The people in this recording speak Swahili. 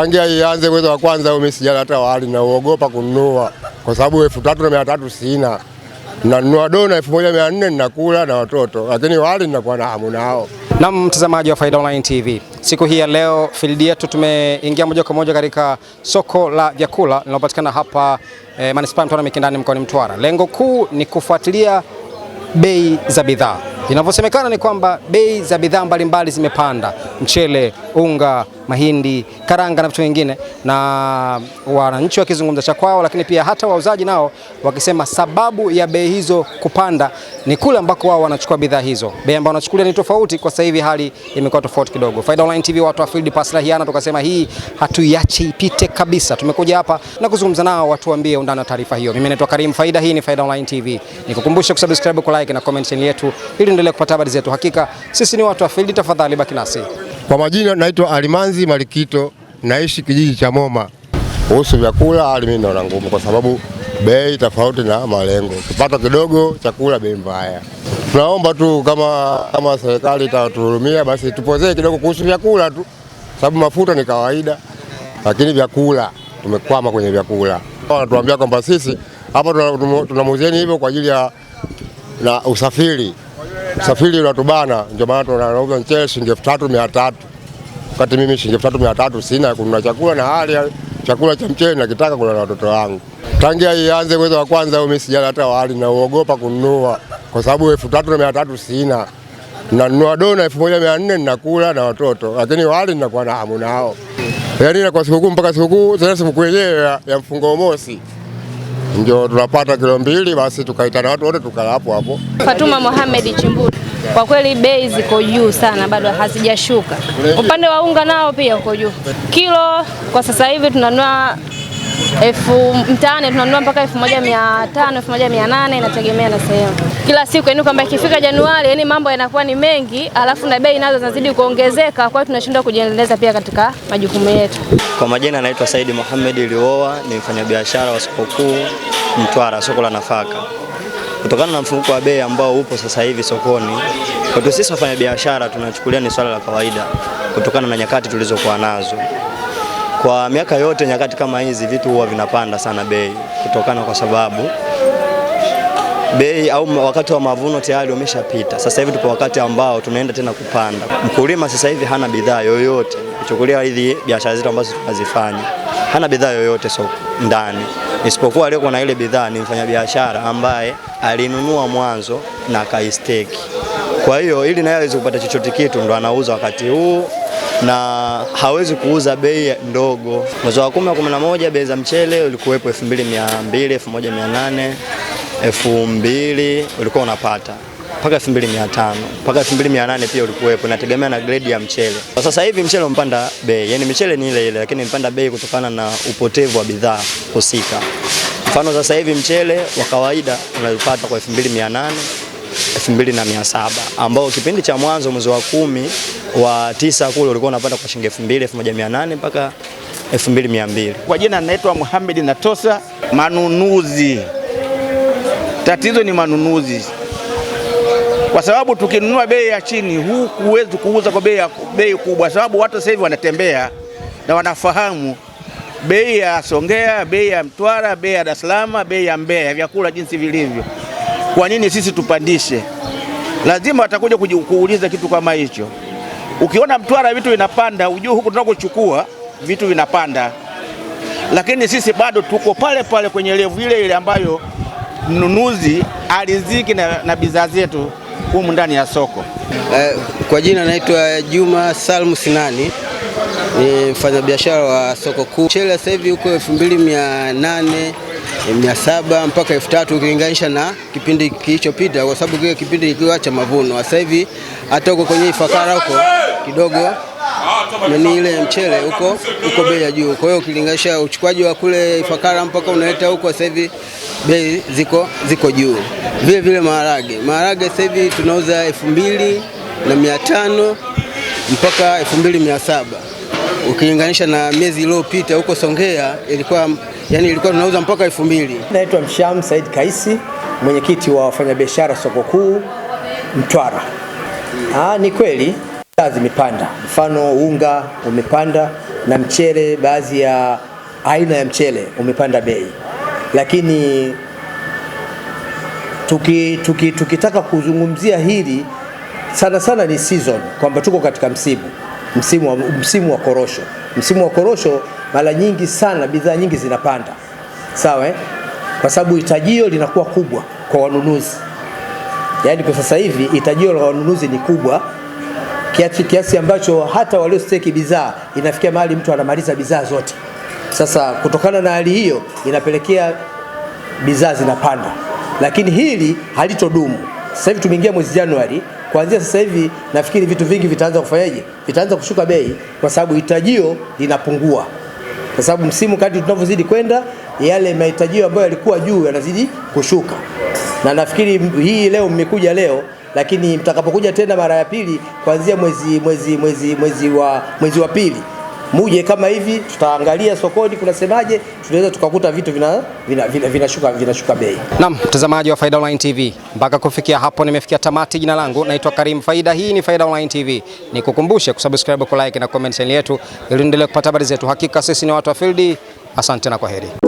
Tangia ianze mwezi wa kwanza mimi sijala hata wali, na uogopa kununua kwa sababu elfu tatu na mia tatu sina, nanunua dona elfu moja mia nne ninakula na watoto, lakini wali ninakuwa na hamu nao. Na mtazamaji wa Faida Online TV, siku hii ya leo field yetu tumeingia moja kwa moja katika soko la vyakula linalopatikana hapa eh, manispaa Mtwara Mikindani mkoani Mtwara. Lengo kuu ni kufuatilia bei za bidhaa. Inavyosemekana ni kwamba bei za bidhaa mbalimbali zimepanda: mchele, unga mahindi, karanga na vitu vingine, na wananchi wakizungumza cha kwao, lakini pia hata wauzaji nao wakisema sababu ya bei hizo kupanda ni kule ambako wao wanachukua bidhaa hizo. Bei ambayo wanachukulia ni tofauti, kwa sasa hivi hali imekuwa tofauti kidogo. Faida Online TV watu wa field Pass paslahiana, tukasema hii hatuiache ipite kabisa. Tumekuja hapa na kuzungumza nao, watuambie undani wa taarifa hiyo. Mimi naitwa Karim Faida, hii ni Faida Online TV. Nikukumbusha kusubscribe, kulike na comment yetu ili endelee kupata habari zetu. Hakika sisi ni watu wa field, tafadhali baki nasi. Kwa majina naitwa Alimanzi Malikito, naishi kijiji cha Moma. Kuhusu vyakula hali mimi naona ngumu, kwa sababu bei tofauti na malengo, kipato kidogo, chakula bei mbaya. Tunaomba tu kama, kama serikali itatuhurumia basi tupozee kidogo kuhusu vyakula tu, sababu mafuta ni kawaida, lakini vyakula tumekwama kwenye vyakula. Wanatuambia kwamba sisi hapa tunamuzeni hivyo kwa ajili ya na usafiri Usafiri unatubana, ndio maana tunauza mchele shilingi elfu tatu mia tatu wakati mimi shilingi elfu tatu mia tatu sina kununua chakula, na hali ya chakula cha mchele nakitaka kula na watoto wangu. Tangia ianze mwezi wa kwanza mimi sijala hata wali, na uogopa kununua kwa sababu elfu tatu na mia tatu sina nanunua dona elfu moja mia nne ninakula na watoto, lakini wali ninakuwa na hamu nao, yaani na kwa sikukuu mpaka sikukuu, sasa sikukuu yenyewe ya mfungo mosi ndio tunapata kilo mbili, basi tukaitana watu wote tukala hapo hapo. Fatuma Mohamed Chimburu, kwa kweli bei ziko juu sana, bado hazijashuka. Upande wa unga nao pia uko juu, kilo kwa sasa hivi tunanua elfu mtaani tunanunua mpaka elfu moja mia tano elfu moja mia nane inategemea na sehemu kila siku, yani, kwamba ikifika Januari, yani mambo yanakuwa ni mengi, alafu na bei nazo zinazidi kuongezeka, kwa hiyo tunashindwa kujiendeleza pia katika majukumu yetu. Kwa majina anaitwa Saidi Mohamed lioa ni mfanyabiashara wa soko kuu Mtwara, soko la nafaka. Kutokana na mfumuko wa bei ambao upo sasa hivi sokoni, kwetu sisi wafanyabiashara tunachukulia ni swala la kawaida kutokana na nyakati tulizokuwa nazo. Kwa miaka yote nyakati kama hizi vitu huwa vinapanda sana bei, kutokana kwa sababu bei au wakati wa mavuno tayari umeshapita. Sasa hivi tupo wakati ambao tunaenda tena kupanda. Mkulima sasa hivi hana bidhaa yoyote, kuchukulia hizi biashara zetu ambazo tunazifanya, hana bidhaa yoyote soko ndani, isipokuwa aliyokuwa na ile bidhaa ni mfanyabiashara ambaye alinunua mwanzo na akaisteki. Kwa hiyo ili naye aweze kupata chochote kitu, ndo anauza wakati huu na hawezi kuuza bei ndogo. Mwezi wa 10 11 bei za mchele ulikuwepo 2200, 1800, 2000 ulikuwa unapata mpaka 2500 mpaka 2800 pia ulikuwepo, inategemea na grade ya mchele. Kwa sasa hivi mchele umepanda bei, yani mchele ni ile ile, lakini imepanda bei kutokana na upotevu wa bidhaa husika. Mfano sasa hivi mchele wa kawaida unaupata kwa 2800 2700 ambao kipindi cha mwanzo mwezi wa kumi wa tisa kule ulikuwa unapanda kwa shilingi 2000, mpaka 2200. Kwa jina naitwa Muhammad Natosa. Manunuzi, tatizo ni manunuzi, kwa sababu tukinunua bei ya chini huku huwezi kuuza kwa bei kubwa, sababu watu sasa hivi wanatembea na wanafahamu bei ya Songea, bei ya Mtwara, bei ya Dar es Salaam, bei ya Mbeya, vyakula jinsi vilivyo. Kwa nini sisi tupandishe? Lazima watakuja kuuliza kitu kama hicho. Ukiona Mtwara vitu vinapanda, ujue huku tunakochukua vitu vinapanda, lakini sisi bado tuko pale pale kwenye levu ile ile ambayo mnunuzi aliziki na, na bidhaa zetu humu ndani ya soko. Eh, kwa jina naitwa Juma Salmu Sinani, ni mfanyabiashara wa soko kuu. Mchele sasa hivi huko elfu mbili mia nane mia saba mpaka elfu tatu ukilinganisha na kipindi kilichopita, kwa sababu kile kipindi kilikuwa cha mavuno. Sasa hivi hata huko kwenye Ifakara huko kidogo nani ile mchele huko huko bei ya juu. Kwa hiyo ukilinganisha uchukuaji wa kule Ifakara mpaka unaleta huko, sasa hivi bei ziko ziko juu. Vile vile maharage, maharage sasa hivi tunauza elfu mbili na mia tano mpaka elfu mbili mia saba ukilinganisha na miezi iliyopita huko Songea ilikuwa yani, ilikuwa tunauza mpaka 2000. Naitwa Msham Said Kaisi, mwenyekiti wa wafanyabiashara soko kuu Mtwara. Hmm. Ah, ni kweli bidhaa zimepanda, mfano unga umepanda na mchele, baadhi ya aina ya mchele umepanda bei, lakini tuki, tuki, tukitaka kuzungumzia hili sana sana ni season kwamba tuko katika msimu msimu wa, msimu wa korosho. Msimu wa korosho mara nyingi sana bidhaa nyingi zinapanda, sawa eh? Kwa sababu hitajio linakuwa kubwa kwa wanunuzi, yaani kwa sasa hivi hitajio la wanunuzi ni kubwa kiasi, kiasi ambacho hata waliosteki bidhaa inafikia mahali mtu anamaliza bidhaa zote. Sasa kutokana na hali hiyo inapelekea bidhaa zinapanda, lakini hili halitodumu. Sasa hivi tumeingia mwezi Januari kuanzia sasa hivi nafikiri vitu vingi vitaanza kufanyaje, vitaanza kushuka bei, kwa sababu hitajio linapungua, kwa sababu msimu kadri tunavyozidi kwenda, yale mahitajio ambayo yalikuwa juu yanazidi kushuka, na nafikiri hii leo mmekuja leo lakini mtakapokuja tena mara ya pili kuanzia mwezi, mwezi, mwezi, mwezi wa, mwezi wa pili muje kama hivi, tutaangalia sokoni kunasemaje, tunaweza tukakuta vitu vinashuka vina, vina, vina vinashuka bei. Naam, mtazamaji wa Faida Online TV, mpaka kufikia hapo nimefikia tamati. Jina langu naitwa Karim Faida, hii ni Faida Online TV. Nikukumbushe kusubscribe, kulike na comment yetu, ili endelee kupata habari zetu. Hakika sisi ni watu wa field. Asante na kwaheri.